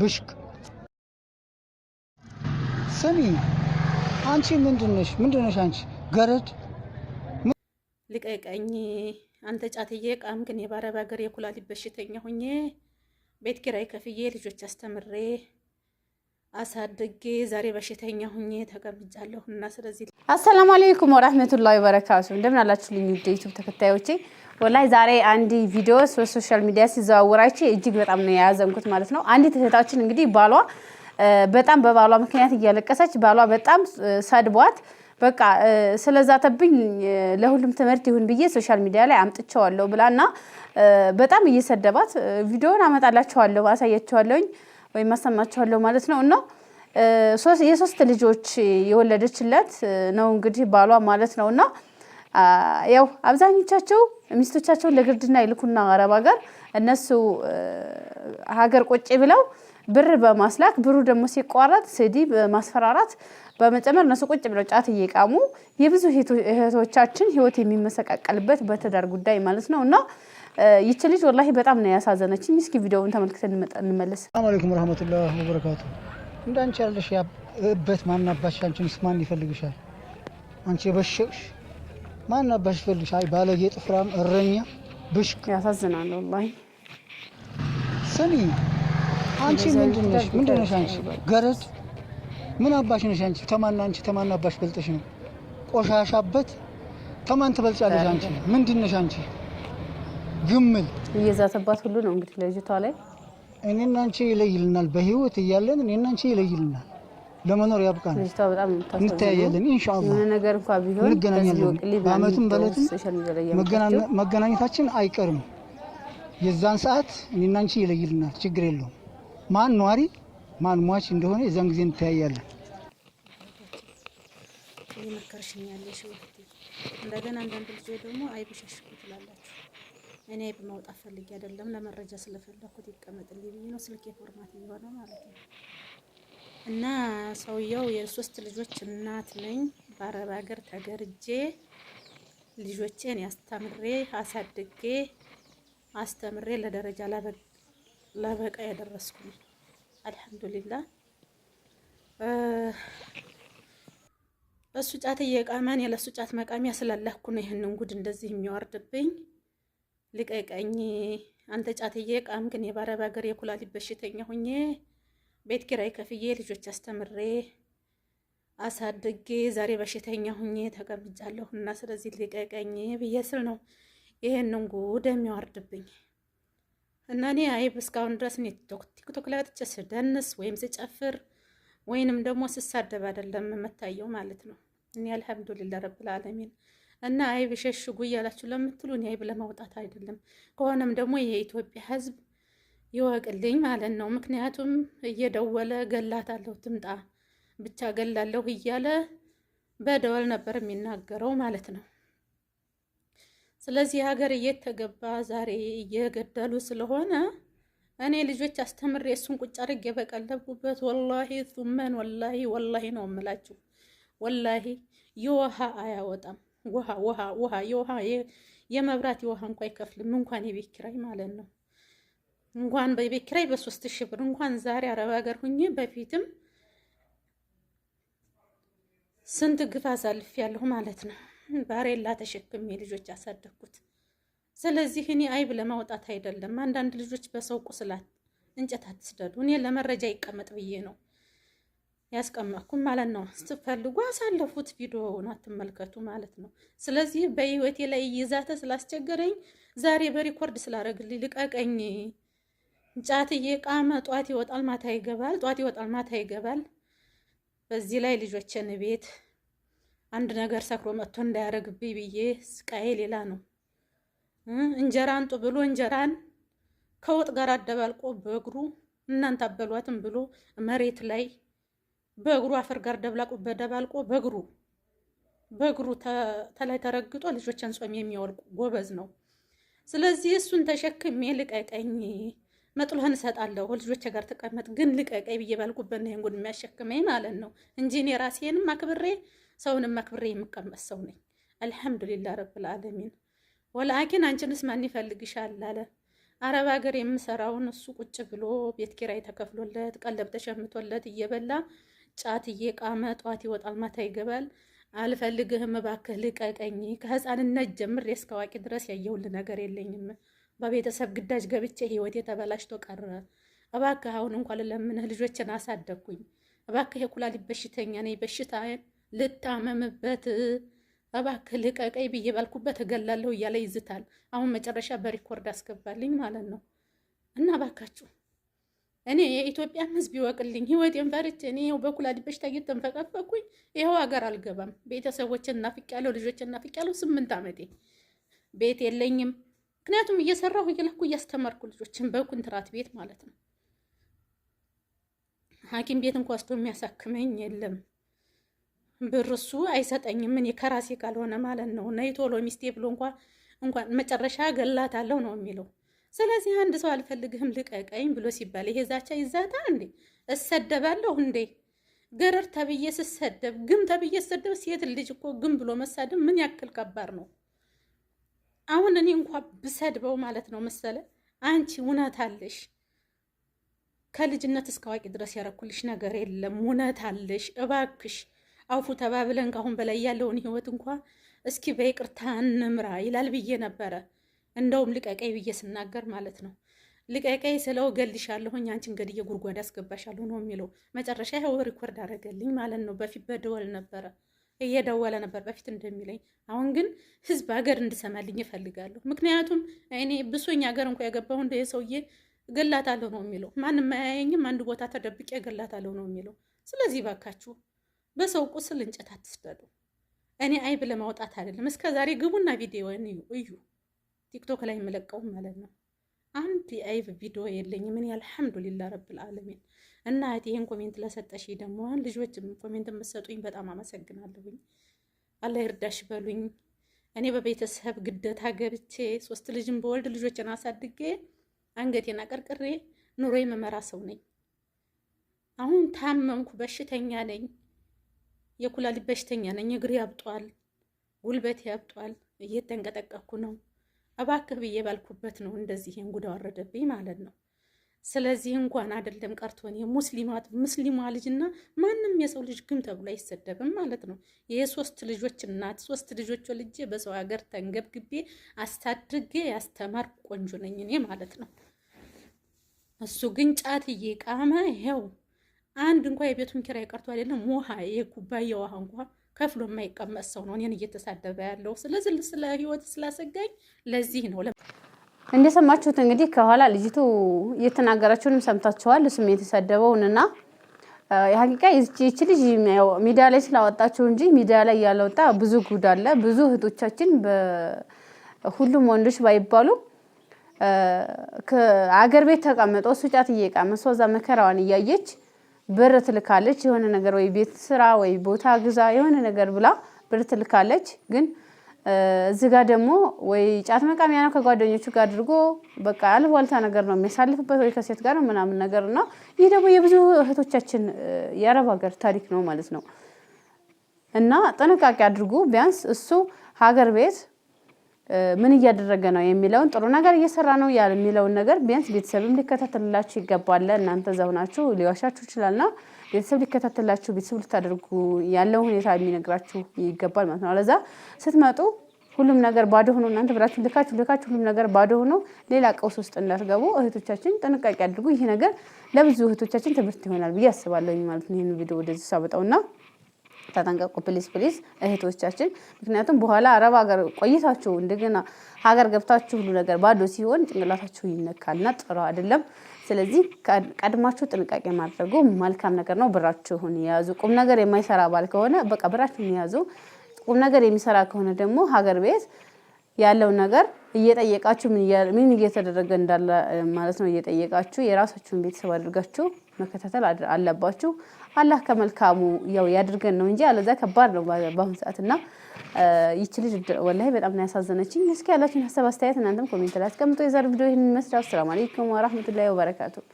ብሽክ ስሚ፣ አንቺ ምንድነሽ? ምንድነሽ አንቺ ገረድ ልቀቀኝ አንተ ጫትዬ ቃም ግን የባረብ ሀገር የኩላሊት በሽተኛ ሁኜ ቤት ኪራይ ከፍዬ ልጆች አስተምሬ አሳድጌ ዛሬ በሽተኛ ሁኜ ተቀምጫለሁ እና ስለዚህ አሰላሙ አለይኩም ወራህመቱላሂ ወበረካቱ እንደምን አላችሁልኝ ውድ ዩቱብ ተከታዮቼ ወላይ ዛሬ አንድ ቪዲዮ ሶሻል ሚዲያ ሲዘዋውራች እጅግ በጣም ነው የያዘንኩት ማለት ነው አንዲት እህታችን እንግዲህ ባሏ በጣም በባሏ ምክንያት እያለቀሰች ባሏ በጣም ሰድቧት በቃ ስለዛተብኝ ለሁሉም ትምህርት ይሁን ብዬ ሶሻል ሚዲያ ላይ አምጥቼዋለሁ ብላና በጣም እየሰደባት ቪዲዮን አመጣላችኋለሁ አሳያችኋለሁኝ ወይም አሰማችኋለሁ ማለት ነው እና የሶስት ልጆች የወለደችለት ነው እንግዲህ ባሏ ማለት ነው እና ያው አብዛኞቻቸው ሚስቶቻቸውን ለግርድና ይልኩና አረብ ሀገር እነሱ ሀገር ቆጭ ብለው ብር በማስላክ ብሩ ደግሞ ሲቋረጥ ስዲ በማስፈራራት በመጨመር እነሱ ቁጭ ብለው ጫት እየቃሙ የብዙ እህቶቻችን ህይወት የሚመሰቃቀልበት በትዳር ጉዳይ ማለት ነው እና ይች ልጅ ወላሂ በጣም ነው ያሳዘነችኝ። እስኪ ቪዲዮውን ተመልክተን እንመለስ። ሰላም አለይኩም ረህመቱላህ ወበረካቱ። እንዳንቺ ያለሽ እበት ማናባሽ? አንቺንስ ማን ይፈልግሻል? አንቺ የበሸቅሽ ማናባሽ ይፈልግሽ? አይ ባለጌ ጥፍራም እረኛ ብሽቅ። ያሳዝናል ወላሂ። ስሚ አንቺ ምንድን ነሽ? ምንድን ነሽ አንቺ? ገረድ ምን አባሽ ነሽ አንቺ? ተማና አንቺ ተማና አባሽ በልጠሽ ነው ቆሻሻበት። ተማን ትበልጫለሽ አንቺ? ምንድን ነሽ አንቺ? ግምል እየዛተባት ሁሉ ነው እንግዲህ ልጅቷ ላይ እኔ እና አንቺ ይለይልናል። በህይወት እያለን እኔ እና አንቺ ይለይልናል። ለመኖር ያብቃን። ልጅቷ በጣም ኢንሻአላህ ነገር እንኳን ቢሆን እንገናኛለን። በአመቱም መገናኘታችን አይቀርም። የዛን ሰዓት እኔ እና አንቺ ይለይልናል። ችግር የለውም። ማን ኗሪ ማን ሟች እንደሆነ የዛን ጊዜ እንታያያለን። እንደገና አንዳንድ ደግሞ ትላላችሁ እኔ በመውጣት ፈልጌ አይደለም፣ ለመረጃ ስለፈለኩት ይቀመጥልኝ ብዬ ነው ስልኬ ፎርማት የሆነው ማለት ነው። እና ሰውየው የሶስት ልጆች እናት ነኝ። በአረብ ሀገር ተገርጄ ልጆቼን ያስተምሬ አሳድጌ አስተምሬ ለደረጃ ላበቃ ያደረስኩ ነው። አልሐምዱሊላህ። እሱ ጫት እየቃመን የለሱ ጫት መቃሚያ ስላላኩ ነው ይህንን ጉድ እንደዚህ የሚያወርድብኝ። ልቀቀኝ አንተ ጫትዬ ቃም ግን የባረብ ሀገር የኩላሊት በሽተኛ ሁኜ ቤት ኪራይ ከፍዬ ልጆች አስተምሬ አሳድጌ ዛሬ በሽተኛ ሁኜ ተቀምጫለሁ እና ስለዚህ ልቀቀኝ ብዬ ስል ነው ይሄንን ጉድ የሚያወርድብኝ እና እኔ አይብ እስካሁን ድረስ እኔ ቲክቶክ ላይ ወጥቼ ስደንስ ወይም ስጨፍር ወይንም ደግሞ ስሳደብ አይደለም የምታየው ማለት ነው። እኔ አልሐምዱሊላ ረብል ዓለሚን እና አይብ ሸሽጉ እያላችሁ ለምትሉ እኔ አይብ ለማውጣት አይደለም። ከሆነም ደግሞ የኢትዮጵያ ሕዝብ ይወቅልኝ ማለት ነው። ምክንያቱም እየደወለ ገላታለሁ ትምጣ ብቻ ገላለሁ እያለ በደወል ነበር የሚናገረው ማለት ነው። ስለዚህ ሀገር እየተገባ ዛሬ እየገደሉ ስለሆነ እኔ ልጆች አስተምሬ እሱን ቁጭ አድርጌ የበቀለብኩበት ወላሂ ቱመን ወላሂ ወላሂ ነው የምላችሁ። ወላሂ የውሃ አያወጣም። ውሃ ውሃ ውሃ የውሃ የመብራት የውሃ እንኳ አይከፍልም። እንኳን የቤት ኪራይ ማለት ነው። እንኳን በቤት ኪራይ በሶስት ሺህ ብር እንኳን ዛሬ አረብ ሀገር ሁኜ በፊትም ስንት ግፍ አሳልፍ ያለሁ ማለት ነው። ባሬላ ተሸክሜ ልጆች ያሳደግኩት። ስለዚህ እኔ አይብ ለማውጣት አይደለም። አንዳንድ ልጆች በሰው ቁስላት እንጨት አትስደዱ። እኔ ለመረጃ ይቀመጥ ብዬ ነው ያስቀመጥኩም ማለት ነው። ስትፈልጉ አሳለፉት ቪዲዮውን አትመልከቱ ማለት ነው። ስለዚህ በህይወቴ ላይ እይዛተ ስላስቸገረኝ ዛሬ በሪኮርድ ስላደረግልኝ ልቀቀኝ። ጫትዬ ቃመ ጧት ይወጣል ማታ ይገባል፣ ጧት ይወጣል ማታ ይገባል። በዚህ ላይ ልጆችን ቤት አንድ ነገር ሰክሮ መጥቶ እንዳያደርግብኝ ብዬ ስቃዬ ሌላ ነው። እንጀራን ጡ ብሎ እንጀራን ከወጥ ጋር አደባልቆ በእግሩ እናንተ አበሏትም ብሎ መሬት ላይ በእግሩ አፈር ጋር ደብላቁ በደባልቆ በእግሩ በእግሩ ተላይ ተረግጦ ልጆችን ጾም የሚያወልቁ ጎበዝ ነው። ስለዚህ እሱን ተሸክሜ ልቀቀኝ፣ መጥሎህን እሰጣለሁ ልጆች ጋር ተቀመጥ፣ ግን ልቀቀኝ ብዬ ባልኩበት ነው ጉድ የሚያሸክመኝ ማለት ነው እንጂ እኔ ራሴንም አክብሬ ሰውንም አክብሬ የምቀመጥ ሰው ነኝ። አልሐምዱሊላ ረብል ዓለሚን። ወላኪን አንቺንስ ማን ይፈልግሻል አለ አረብ ሀገር የምሰራውን እሱ ቁጭ ብሎ ቤት ኪራይ ተከፍሎለት ቀለብ ተሸምቶለት እየበላ ጫት እየቃመ ጠዋት ይወጣል ማታ ይገባል። አልፈልግህም እባክህ ልቀቀኝ። ከህፃንነት ጀምር እስከ አዋቂ ድረስ ያየሁልህ ነገር የለኝም። በቤተሰብ ግዳጅ ገብቼ ህይወቴ ተበላሽቶ ቀረ። እባክህ አሁን እንኳ ልለምንህ ልጆችን አሳደግኩኝ። እባክህ የኩላሊት በሽተኛ ነኝ፣ በሽታ ልታመምበት እባክህ ልቀቀኝ ብዬ ባልኩበት እገላለሁ እያለ ይዝታል። አሁን መጨረሻ በሪኮርድ አስገባልኝ ማለት ነው እና እባካችሁ እኔ የኢትዮጵያን ሕዝብ ይወቅልኝ። ህይወቴን ፈርቼ እኔ ይኸው በኩላሊት በሽታ እየተንፈቀፈኩኝ ይኸው ሀገር አልገባም። ቤተሰቦችን እናፍቄያለሁ፣ ልጆችን እናፍቄያለሁ። ስምንት ዓመቴ ቤት የለኝም። ምክንያቱም እየሰራሁ እየለኩ እያስተማርኩ ልጆችን በኮንትራት ቤት ማለት ነው። ሐኪም ቤት እንኳ ስቶ የሚያሳክመኝ የለም። ብር እሱ አይሰጠኝም። እኔ ከራሴ ካልሆነ ማለት ነው። ነይ ቶሎ ሚስቴ ብሎ እንኳ እንኳን መጨረሻ አለው ነው የሚለው ስለዚህ አንድ ሰው አልፈልግህም ልቀቀኝ ብሎ ሲባል ይሄ ዛቻ ይዛታ እንዴ? እሰደባለሁ እንዴ? ገረር ተብዬ ስሰደብ፣ ግም ተብዬ ስሰደብ፣ ሴት ልጅ እኮ ግም ብሎ መሳደብ ምን ያክል ከባድ ነው? አሁን እኔ እንኳ ብሰድበው ማለት ነው መሰለ አንቺ እውነት አለሽ ከልጅነት እስከ አዋቂ ድረስ ያረኩልሽ ነገር የለም። እውነት አለሽ። እባክሽ አውፉ ተባብለን ከአሁን በላይ ያለውን ህይወት እንኳ እስኪ በይቅርታ እንምራ ይላል ብዬ ነበረ። እንደውም ልቀቀይ ብዬ ስናገር ማለት ነው ልቀቀይ ስለው እገልሻለሁኝ አንቺን ገድዬ ጉድጓድ አስገባሻለሁ ነው የሚለው። መጨረሻ ይኸው ሪኮርድ አደረገልኝ ማለት ነው። በፊት በደወል ነበረ እየደወለ ነበር በፊት እንደሚለኝ። አሁን ግን ህዝብ ሀገር እንድሰማልኝ እፈልጋለሁ። ምክንያቱም እኔ ብሶኝ ሀገር እንኳ የገባሁ እንደ ሰውዬ ገላታለሁ ነው የሚለው። ማንም አያየኝም፣ አንድ ቦታ ተደብቄ ገላታለሁ ነው የሚለው። ስለዚህ ባካችሁ በሰው ቁስል እንጨት አትስደዱ። እኔ አይብ ለማውጣት አይደለም። እስከዛሬ ግቡና ቪዲዮ እዩ ቲክቶክ ላይ የምለቀው ማለት ነው። አንድ የአይብ ቪዲዮ የለኝም እኔ አልሐምዱሊላ ረብል አለሚን። እና ይህን ኮሜንት ለሰጠሽ ደግሞ ልጆች ኮሜንት የምትሰጡኝ በጣም አመሰግናለሁኝ። አላህ ይርዳሽ በሉኝ። እኔ በቤተሰብ ግደታ ገብቼ ሶስት ልጅም በወልድ ልጆችን አሳድጌ አንገቴን አቀርቅሬ ኑሮ የመመራ ሰው ነኝ። አሁን ታመምኩ፣ በሽተኛ ነኝ። የኩላሊት በሽተኛ ነኝ። እግር ያብጧል፣ ጉልበት ያብጧል። እየተንቀጠቀኩ ነው። እባክህ ብዬ ባልኩበት ነው እንደዚህ እንጉዳ ወረደብኝ ማለት ነው። ስለዚህ እንኳን አይደለም ቀርቶን ሙስሊሟ ልጅና ማንም የሰው ልጅ ግም ተብሎ አይሰደብም ማለት ነው። የሶስት ልጆች እናት ሶስት ልጆች ወልጄ በሰው ሀገር ተንገብግቤ አስታድርጌ ያስተማር ቆንጆ ነኝ እኔ ማለት ነው። እሱ ግን ጫት እየቃመ ይኸው አንድ እንኳ የቤቱን ኪራይ ቀርቶ አይደለም ውሃ የኩባያ ውሃ እንኳ ከፍሎ የማይቀመጥ ሰው ነው እኔን እየተሳደበ ያለው። ስለዚህ ስለ ህይወት ስላሰጋኝ ለዚህ ነው። እንደሰማችሁት እንግዲህ ከኋላ ልጅቱ እየተናገራችሁንም ሰምታችኋል። እሱም የተሳደበውንና የሀቂቃ ይቺ ልጅ ሚዲያ ላይ ስላወጣችሁ እንጂ ሚዲያ ላይ ያለወጣ ብዙ ጉድ አለ። ብዙ እህቶቻችን ሁሉም ወንዶች ባይባሉ አገር ቤት ተቀምጦ እሱ ጫት እየቃመ እሷ እዛ መከራዋን እያየች ብር ትልካለች። የሆነ ነገር ወይ ቤት ስራ ወይ ቦታ ግዛ የሆነ ነገር ብላ ብር ትልካለች። ግን እዚህ ጋር ደግሞ ወይ ጫት መቃሚያ ነው ከጓደኞቹ ጋር አድርጎ በቃ ያልቧልታ ነገር ነው የሚያሳልፍበት፣ ወይ ከሴት ጋር ምናምን ነገር እና ይህ ደግሞ የብዙ እህቶቻችን የአረብ ሀገር ታሪክ ነው ማለት ነው። እና ጥንቃቄ አድርጉ ቢያንስ እሱ ሀገር ቤት ምን እያደረገ ነው የሚለውን ጥሩ ነገር እየሰራ ነው የሚለውን ነገር ቢያንስ ቤተሰብም ሊከታተልላችሁ ይገባል። እናንተ እዛው ናችሁ፣ ሊዋሻችሁ ና ቤተሰብ ሊከታተልላችሁ፣ ቤተሰብ ልታደርጉ ያለው ሁኔታ የሚነግራችሁ ይገባል ማለት ነው። አለዛ ስትመጡ ሁሉም ነገር ባዶ ሆኖ እናንተ ብራችሁ ልካችሁ ልካችሁ ሁሉም ነገር ባዶ ሆኖ ሌላ ቀውስ ውስጥ እንዳትገቡ እህቶቻችን ጥንቃቄ አድርጉ። ይህ ነገር ለብዙ እህቶቻችን ትምህርት ይሆናል ብዬ አስባለሁ ማለት ነው። ይህን ቪዲዮ ወደዚህ ና ተጠንቀቁ ፕሊስ ፕሊስ እህቶቻችን። ምክንያቱም በኋላ አረብ ሀገር ቆይታችሁ እንደገና ሀገር ገብታችሁ ሁሉ ነገር ባዶ ሲሆን ጭንቅላታችሁ ይነካልና ጥሩ አይደለም። ስለዚህ ቀድማችሁ ጥንቃቄ ማድረጉ መልካም ነገር ነው። ብራችሁን የያዙ ቁም ነገር የማይሰራ ባል ከሆነ በቃ ብራችሁን የያዙ ቁም ነገር የሚሰራ ከሆነ ደግሞ ሀገር ቤት ያለው ነገር እየጠየቃችሁ ምን እየተደረገ እንዳለ ማለት ነው እየጠየቃችሁ የራሳችሁን ቤተሰብ አድርጋችሁ መከታተል አለባችሁ። አላህ ከመልካሙ ያው ያድርገን ነው እንጂ አለዛ ከባድ ነው በአሁኑ እና ይቺ ልጅ ወላሂ በጣም ነው ያሳዘነችኝ። እስኪ ያላችሁን ሀሳብ አስተያየት እናንተም ኮሜንት ላይ አስቀምጦ የዛሬ ቪዲዮ ይህን ይመስላል። አሰላሙ አለይኩም ወራህመቱላሂ ወበረካቱ።